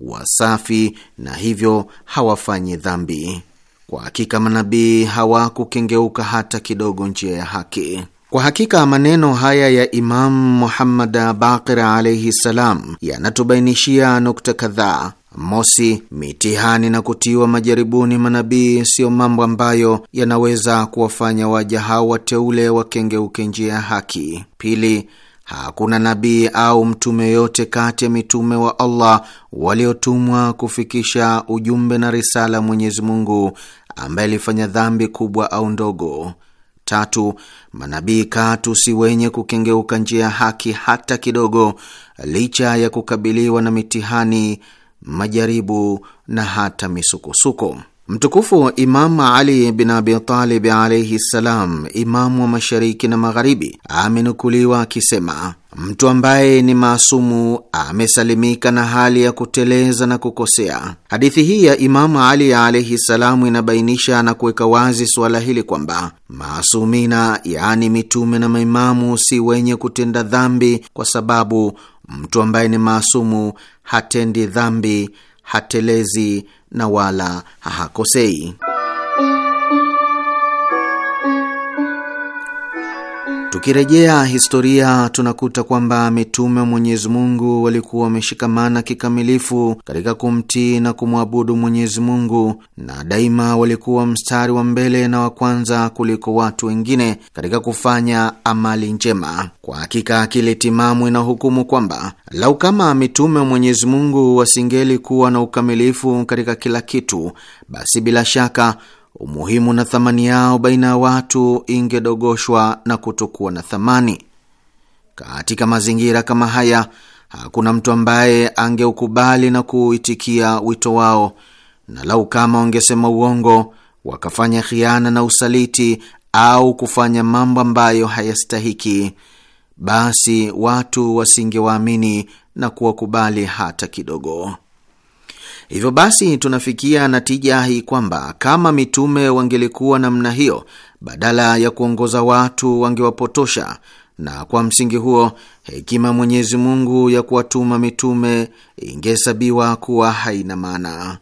wasafi na hivyo hawafanyi dhambi. Kwa hakika manabii hawakukengeuka hata kidogo njia ya haki. Kwa hakika maneno haya ya Imamu Muhammad Baqir alaihi ssalam yanatubainishia nukta kadhaa. Mosi, mitihani na kutiwa majaribuni manabii siyo mambo ambayo yanaweza kuwafanya waja hao wateule wakengeuke njia ya haki. Pili, Hakuna nabii au mtume yoyote kati ya mitume wa Allah waliotumwa kufikisha ujumbe na risala ya Mwenyezi Mungu ambaye alifanya dhambi kubwa au ndogo. Tatu, manabii katu si wenye kukengeuka njia ya haki hata kidogo, licha ya kukabiliwa na mitihani, majaribu na hata misukosuko. Mtukufu Imam Ali bin Abi Talib alaihi ssalam, imamu wa mashariki na magharibi, amenukuliwa akisema, mtu ambaye ni maasumu amesalimika na hali ya kuteleza na kukosea. Hadithi hii ya Imamu Ali alaihi ssalamu inabainisha na kuweka wazi suala hili kwamba maasumina, yaani mitume na maimamu, si wenye kutenda dhambi, kwa sababu mtu ambaye ni maasumu hatendi dhambi, hatelezi na wala hakosei. Tukirejea historia tunakuta kwamba mitume wa Mwenyezi Mungu walikuwa wameshikamana kikamilifu katika kumtii na kumwabudu Mwenyezi Mungu, na daima walikuwa mstari wa mbele na wa kwanza kuliko watu wengine katika kufanya amali njema. Kwa hakika akili timamu inahukumu kwamba lau kama mitume wa Mwenyezi Mungu wasingeli kuwa na ukamilifu katika kila kitu, basi bila shaka umuhimu na thamani yao baina ya watu ingedogoshwa na kutokuwa na thamani. Katika mazingira kama haya, hakuna mtu ambaye angeukubali na kuuitikia wito wao, na lau kama wangesema uongo, wakafanya khiana na usaliti au kufanya mambo ambayo hayastahiki, basi watu wasingewaamini na kuwakubali hata kidogo. Hivyo basi tunafikia natija hii kwamba kama mitume wangelikuwa namna hiyo, badala ya kuongoza watu wangewapotosha, na kwa msingi huo hekima Mwenyezi Mungu ya kuwatuma mitume ingehesabiwa kuwa haina maana.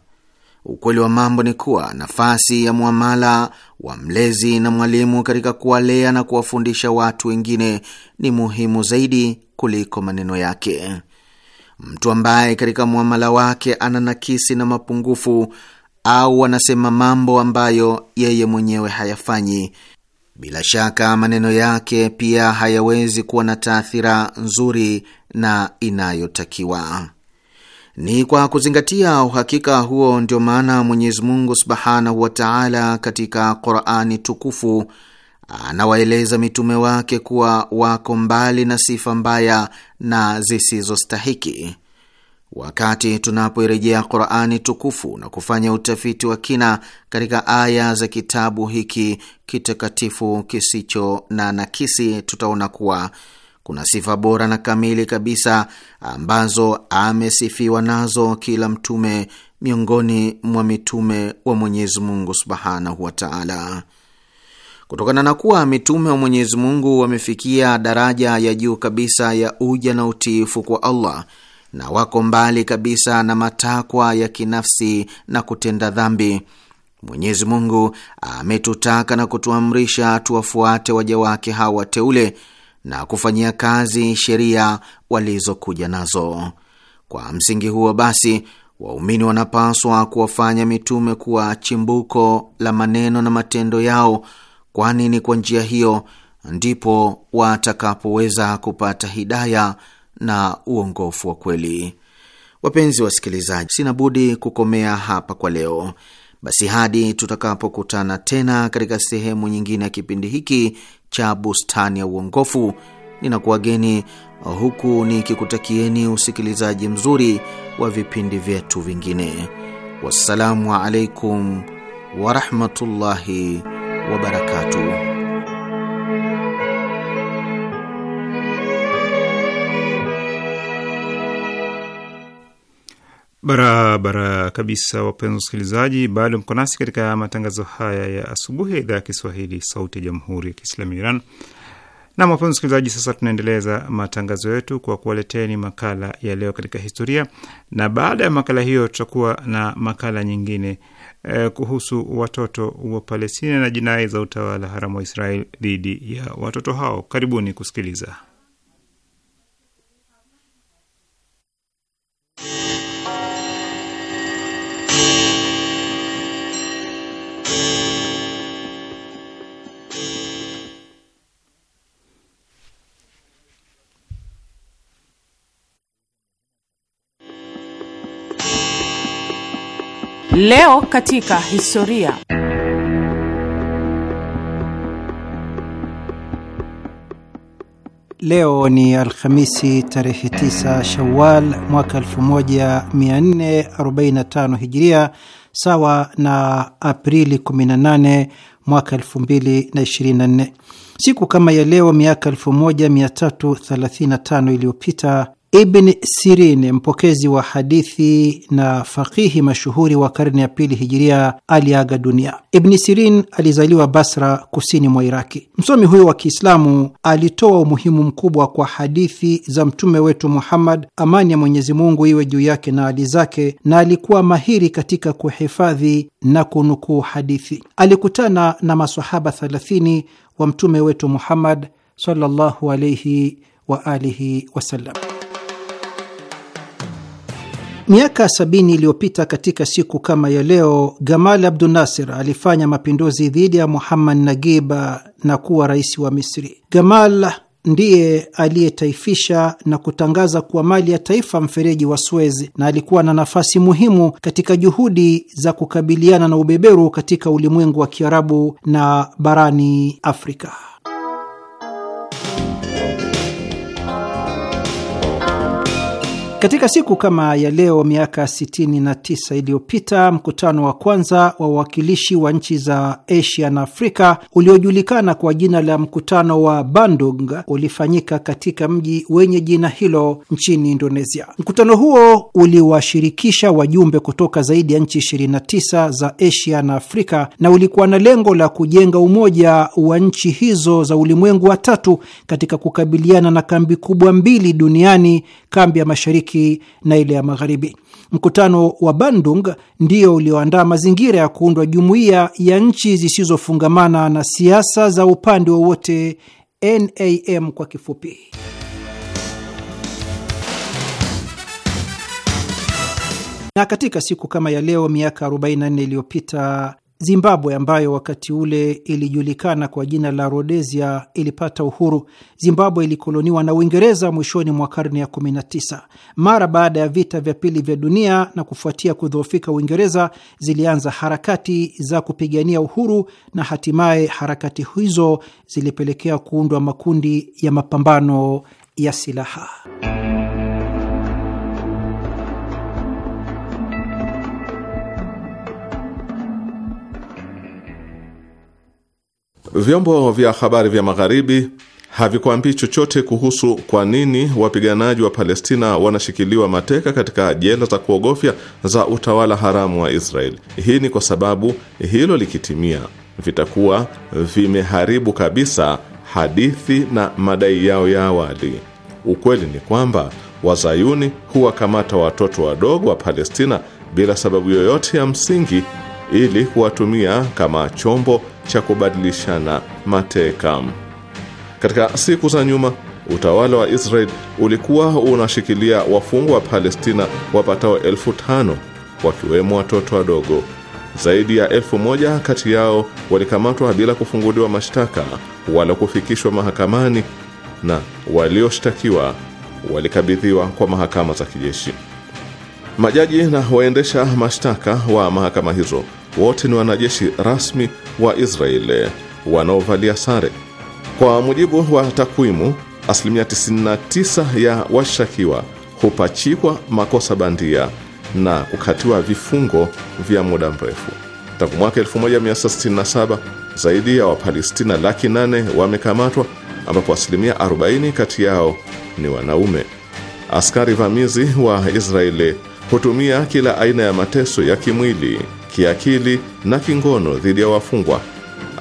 Ukweli wa mambo ni kuwa nafasi ya mwamala wa mlezi na mwalimu katika kuwalea na kuwafundisha watu wengine ni muhimu zaidi kuliko maneno yake. Mtu ambaye katika mwamala wake ana nakisi na mapungufu au anasema mambo ambayo yeye mwenyewe hayafanyi, bila shaka maneno yake pia hayawezi kuwa na taathira nzuri na inayotakiwa. Ni kwa kuzingatia uhakika huo ndio maana Mwenyezi Mungu subhanahu wa taala katika Qurani tukufu anawaeleza mitume wake kuwa wako mbali na sifa mbaya na zisizostahiki. Wakati tunapoirejea Qurani tukufu na kufanya utafiti wa kina katika aya za kitabu hiki kitakatifu kisicho na nakisi, tutaona kuwa kuna sifa bora na kamili kabisa ambazo amesifiwa nazo kila mtume miongoni mwa mitume wa Mwenyezi Mungu subhanahu wa taala kutokana na kuwa mitume wa Mwenyezi Mungu wamefikia daraja ya juu kabisa ya uja na utiifu kwa Allah na wako mbali kabisa na matakwa ya kinafsi na kutenda dhambi. Mwenyezi Mungu ametutaka na kutuamrisha tuwafuate waja wake hawa wateule na kufanyia kazi sheria walizokuja nazo. Kwa msingi huo basi, waumini wanapaswa kuwafanya mitume kuwa chimbuko la maneno na matendo yao kwani ni kwa njia hiyo ndipo watakapoweza kupata hidaya na uongofu wa kweli. Wapenzi wasikilizaji, sina budi kukomea hapa kwa leo. Basi hadi tutakapokutana tena katika sehemu nyingine ya kipindi hiki cha Bustani ya Uongofu, ninakuwageni huku nikikutakieni usikilizaji mzuri wa vipindi vyetu vingine. Wassalamu alaikum warahmatullahi wabarakatuh. Barabara kabisa, wapenzi wasikilizaji, bado mko nasi katika matangazo haya ya asubuhi ya idhaa ya Kiswahili, Sauti ya Jamhuri ya Kiislamu ya Iran. Nam, wapenzi wasikilizaji, sasa tunaendeleza matangazo yetu kwa kuwaleteni makala ya leo katika historia, na baada ya makala hiyo tutakuwa na makala nyingine eh, kuhusu watoto wa Palestina na jinai za utawala haramu wa Israel dhidi ya watoto hao. Karibuni kusikiliza. Leo katika historia. Leo ni Alhamisi tarehe 9 Shawal mwaka 1445 Hijiria, sawa na Aprili 18 mwaka 2024. Siku kama ya leo miaka 1335 iliyopita Ibn Sirin, mpokezi wa hadithi na fakihi mashuhuri wa karne ya pili hijiria, aliaga dunia. Ibn Sirin alizaliwa Basra, kusini mwa Iraki. Msomi huyo wa Kiislamu alitoa umuhimu mkubwa kwa hadithi za mtume wetu Muhammad, amani ya Mwenyezi Mungu iwe juu yake na ali zake, na alikuwa mahiri katika kuhifadhi na kunukuu hadithi. Alikutana na masahaba 30 wa mtume wetu Muhammad sallallahu alayhi wa alihi wasallam. Miaka sabini iliyopita katika siku kama ya leo, Gamal Abdul Nasir alifanya mapinduzi dhidi ya Muhammad Nagib na kuwa rais wa Misri. Gamal ndiye aliyetaifisha na kutangaza kuwa mali ya taifa mfereji wa Suez na alikuwa na nafasi muhimu katika juhudi za kukabiliana na ubeberu katika ulimwengu wa Kiarabu na barani Afrika. Katika siku kama ya leo miaka 69 iliyopita mkutano wa kwanza wa wawakilishi wa nchi za Asia na Afrika uliojulikana kwa jina la mkutano wa Bandung ulifanyika katika mji wenye jina hilo nchini Indonesia. Mkutano huo uliwashirikisha wajumbe kutoka zaidi ya nchi 29 za Asia na Afrika na ulikuwa na lengo la kujenga umoja wa nchi hizo za ulimwengu wa tatu katika kukabiliana na kambi kubwa mbili duniani kambi ya mashariki na ile ya magharibi. Mkutano wa Bandung ndio ulioandaa mazingira ya kuundwa jumuiya ya nchi zisizofungamana na siasa za upande wowote, NAM kwa kifupi. Na katika siku kama ya leo miaka 44 iliyopita Zimbabwe ambayo wakati ule ilijulikana kwa jina la Rhodesia ilipata uhuru. Zimbabwe ilikoloniwa na Uingereza mwishoni mwa karne ya 19. Mara baada ya vita vya pili vya dunia na kufuatia kudhoofika Uingereza, zilianza harakati za kupigania uhuru na hatimaye harakati hizo zilipelekea kuundwa makundi ya mapambano ya silaha. Vyombo vya habari vya magharibi havikuambii chochote kuhusu kwa nini wapiganaji wa Palestina wanashikiliwa mateka katika jela za kuogofya za utawala haramu wa Israel. Hii ni kwa sababu hilo likitimia, vitakuwa vimeharibu kabisa hadithi na madai yao ya awali. Ukweli ni kwamba wazayuni huwakamata watoto wadogo wa Palestina bila sababu yoyote ya msingi ili kuwatumia kama chombo cha kubadilishana mateka. Katika siku za nyuma utawala wa Israel ulikuwa unashikilia wafungwa wa Palestina wapatao elfu tano wakiwemo watoto wadogo. Zaidi ya elfu moja kati yao walikamatwa bila kufunguliwa mashtaka wala kufikishwa mahakamani, na walioshtakiwa walikabidhiwa kwa mahakama za kijeshi. Majaji na waendesha mashtaka wa mahakama hizo wote ni wanajeshi rasmi wa Israeli wanaovalia sare. Kwa mujibu wa takwimu, asilimia 99 ya washtakiwa hupachikwa makosa bandia na kukatiwa vifungo vya muda mrefu. Tangu mwaka 1967 zaidi ya Wapalestina laki nane wamekamatwa, ambapo asilimia 40 kati yao ni wanaume. Askari vamizi wa Israeli hutumia kila aina ya mateso ya kimwili kiakili na kingono dhidi ya wafungwa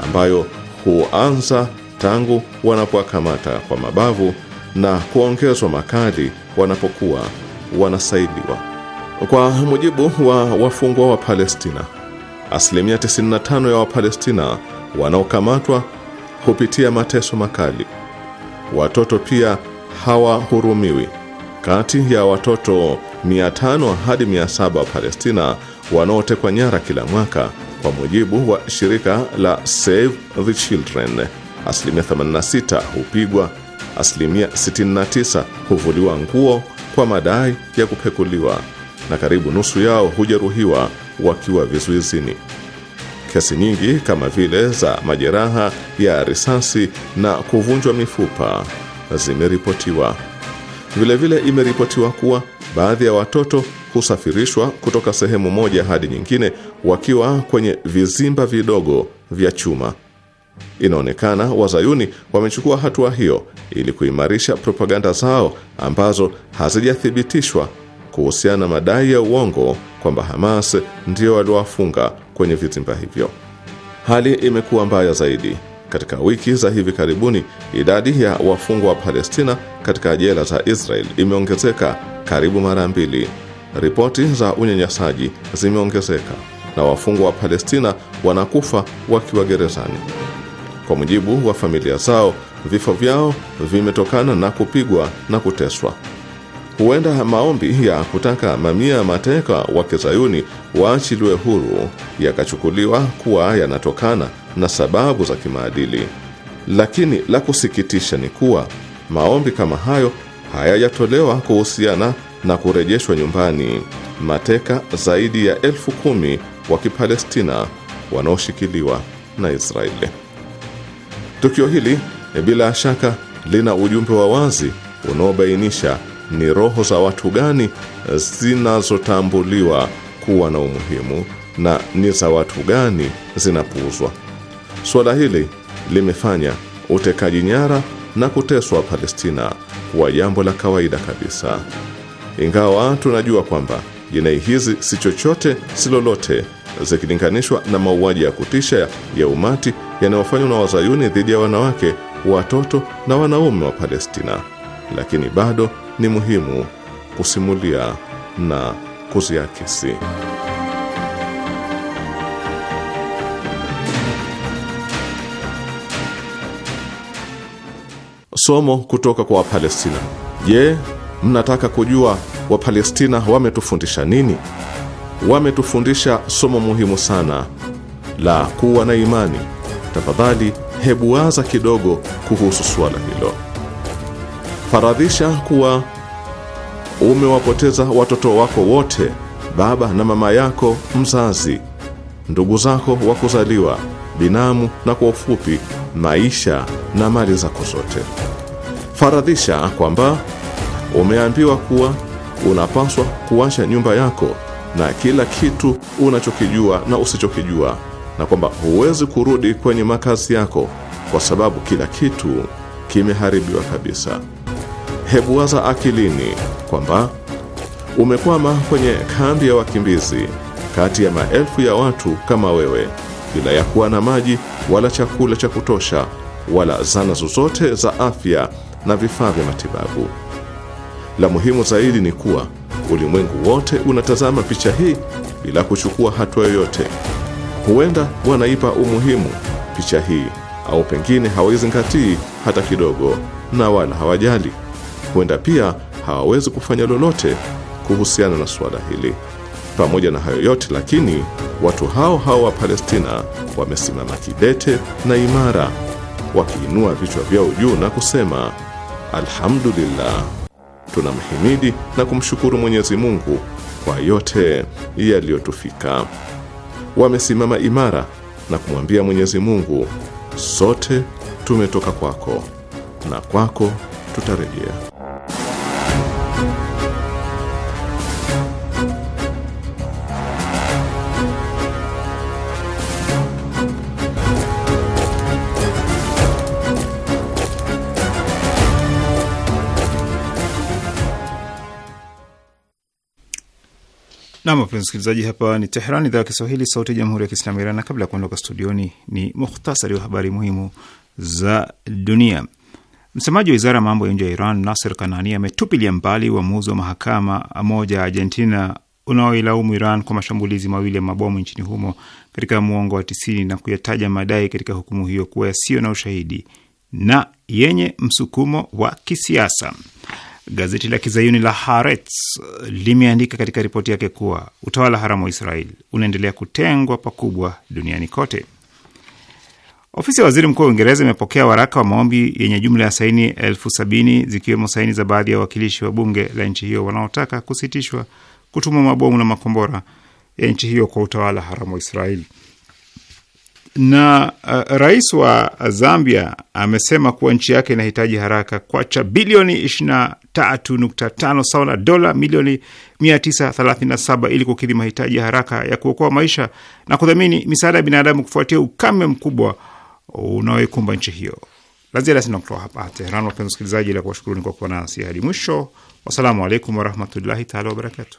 ambayo huanza tangu wanapowakamata kwa mabavu na kuongezwa makali wanapokuwa wanasaidiwa. Kwa mujibu wa wafungwa wa Palestina, asilimia 95 ya Wapalestina wanaokamatwa hupitia mateso makali. Watoto pia hawahurumiwi. Kati ya watoto 500 hadi 700 wa Palestina wanaotekwa nyara kila mwaka. Kwa mujibu wa shirika la Save the Children, asilimia 86 hupigwa, asilimia 69 huvuliwa nguo kwa madai ya kupekuliwa, na karibu nusu yao hujeruhiwa wakiwa vizuizini. Kesi nyingi kama vile za majeraha ya risasi na kuvunjwa mifupa zimeripotiwa. Vilevile imeripotiwa kuwa baadhi ya watoto husafirishwa kutoka sehemu moja hadi nyingine wakiwa kwenye vizimba vidogo vya chuma. Inaonekana wazayuni wamechukua hatua hiyo ili kuimarisha propaganda zao ambazo hazijathibitishwa kuhusiana na madai ya uongo kwamba Hamas ndio waliowafunga kwenye vizimba hivyo. Hali imekuwa mbaya zaidi katika wiki za hivi karibuni, idadi ya wafungwa wa Palestina katika jela za Israel imeongezeka karibu mara mbili. Ripoti za unyanyasaji zimeongezeka na wafungwa wa Palestina wanakufa wakiwa gerezani. Kwa mujibu wa familia zao, vifo vyao vimetokana na kupigwa na kuteswa huenda maombi ya kutaka mamia mateka wa kizayuni waachiliwe huru yakachukuliwa kuwa yanatokana na sababu za kimaadili. Lakini la kusikitisha ni kuwa maombi kama hayo hayajatolewa kuhusiana na kurejeshwa nyumbani mateka zaidi ya elfu kumi wa Kipalestina wanaoshikiliwa na Israeli. Tukio hili bila shaka lina ujumbe wa wazi unaobainisha ni roho za watu gani zinazotambuliwa kuwa na umuhimu na ni za watu gani zinapuuzwa. Suala hili limefanya utekaji nyara na kuteswa Palestina kuwa jambo la kawaida kabisa, ingawa tunajua kwamba jinai hizi si chochote si lolote zikilinganishwa na mauaji ya kutisha ya umati yanayofanywa na wazayuni dhidi ya wanawake, watoto na wanaume wa Palestina, lakini bado ni muhimu kusimulia na kuziakisi. Somo kutoka kwa Wapalestina. Je, mnataka kujua Wapalestina wametufundisha nini? Wametufundisha somo muhimu sana la kuwa na imani. Tafadhali hebu waza kidogo kuhusu suala hilo faradhisha kuwa umewapoteza watoto wako wote, baba na mama yako mzazi, ndugu zako wa kuzaliwa, binamu na kwa ufupi maisha na mali zako zote. Faradhisha kwamba umeambiwa kuwa unapaswa kuacha nyumba yako na kila kitu unachokijua na usichokijua, na kwamba huwezi kurudi kwenye makazi yako kwa sababu kila kitu kimeharibiwa kabisa hebu waza akilini kwamba umekwama kwenye kambi ya wakimbizi kati ya maelfu ya watu kama wewe bila ya kuwa na maji wala chakula cha kutosha wala zana zozote za afya na vifaa vya matibabu. La muhimu zaidi ni kuwa ulimwengu wote unatazama picha hii bila kuchukua hatua yoyote. Huenda wanaipa umuhimu picha hii, au pengine hawaizingatii hata kidogo, na wala hawajali huenda pia hawawezi kufanya lolote kuhusiana na suala hili. Pamoja na hayo yote lakini, watu hao hao wa Palestina wamesimama kidete na imara, wakiinua vichwa vyao juu na kusema alhamdulillah, tunamhimidi na kumshukuru Mwenyezi Mungu kwa yote yaliyotufika. Wamesimama imara na kumwambia Mwenyezi Mungu, sote tumetoka kwako na kwako tutarejea. Nam, wapenzi msikilizaji, hapa ni Tehran, idhaa ya Kiswahili, sauti ya jamhuri ya kiislamu Iran. Na kabla ya kuondoka studioni, ni muhtasari wa habari muhimu za dunia. Msemaji wa wizara ya mambo ya nje ya Iran, Nasir Kanani, ametupilia mbali uamuzi wa mahakama moja ya Argentina unaoilaumu Iran kwa mashambulizi mawili ya mabomu nchini humo katika muongo wa tisini na kuyataja madai katika hukumu hiyo kuwa yasiyo na ushahidi na yenye msukumo wa kisiasa. Gazeti la kizayuni la Haaretz uh, limeandika katika ripoti yake kuwa utawala haramu wa Israel unaendelea kutengwa pakubwa duniani kote. Ofisi ya waziri mkuu wa Uingereza imepokea waraka wa maombi yenye jumla ya saini elfu sabini zikiwemo saini za baadhi ya wawakilishi wa bunge la nchi hiyo wanaotaka kusitishwa kutumwa mabomu na makombora ya nchi hiyo kwa utawala haramu wa Israeli na uh, rais wa Zambia amesema kuwa nchi yake inahitaji haraka kwacha bilioni 23.5 sawa na dola milioni 937 ili kukidhi mahitaji ya haraka ya kuokoa maisha na kudhamini misaada ya binadamu kufuatia ukame mkubwa unaoikumba nchi hiyo. La ziada sina hapa Tehran, wapenzi wasikilizaji, ila kuwashukuruni kwa kuwa nasi hadi mwisho. Wassalamu alaikum warahmatullahi taala wabarakatu.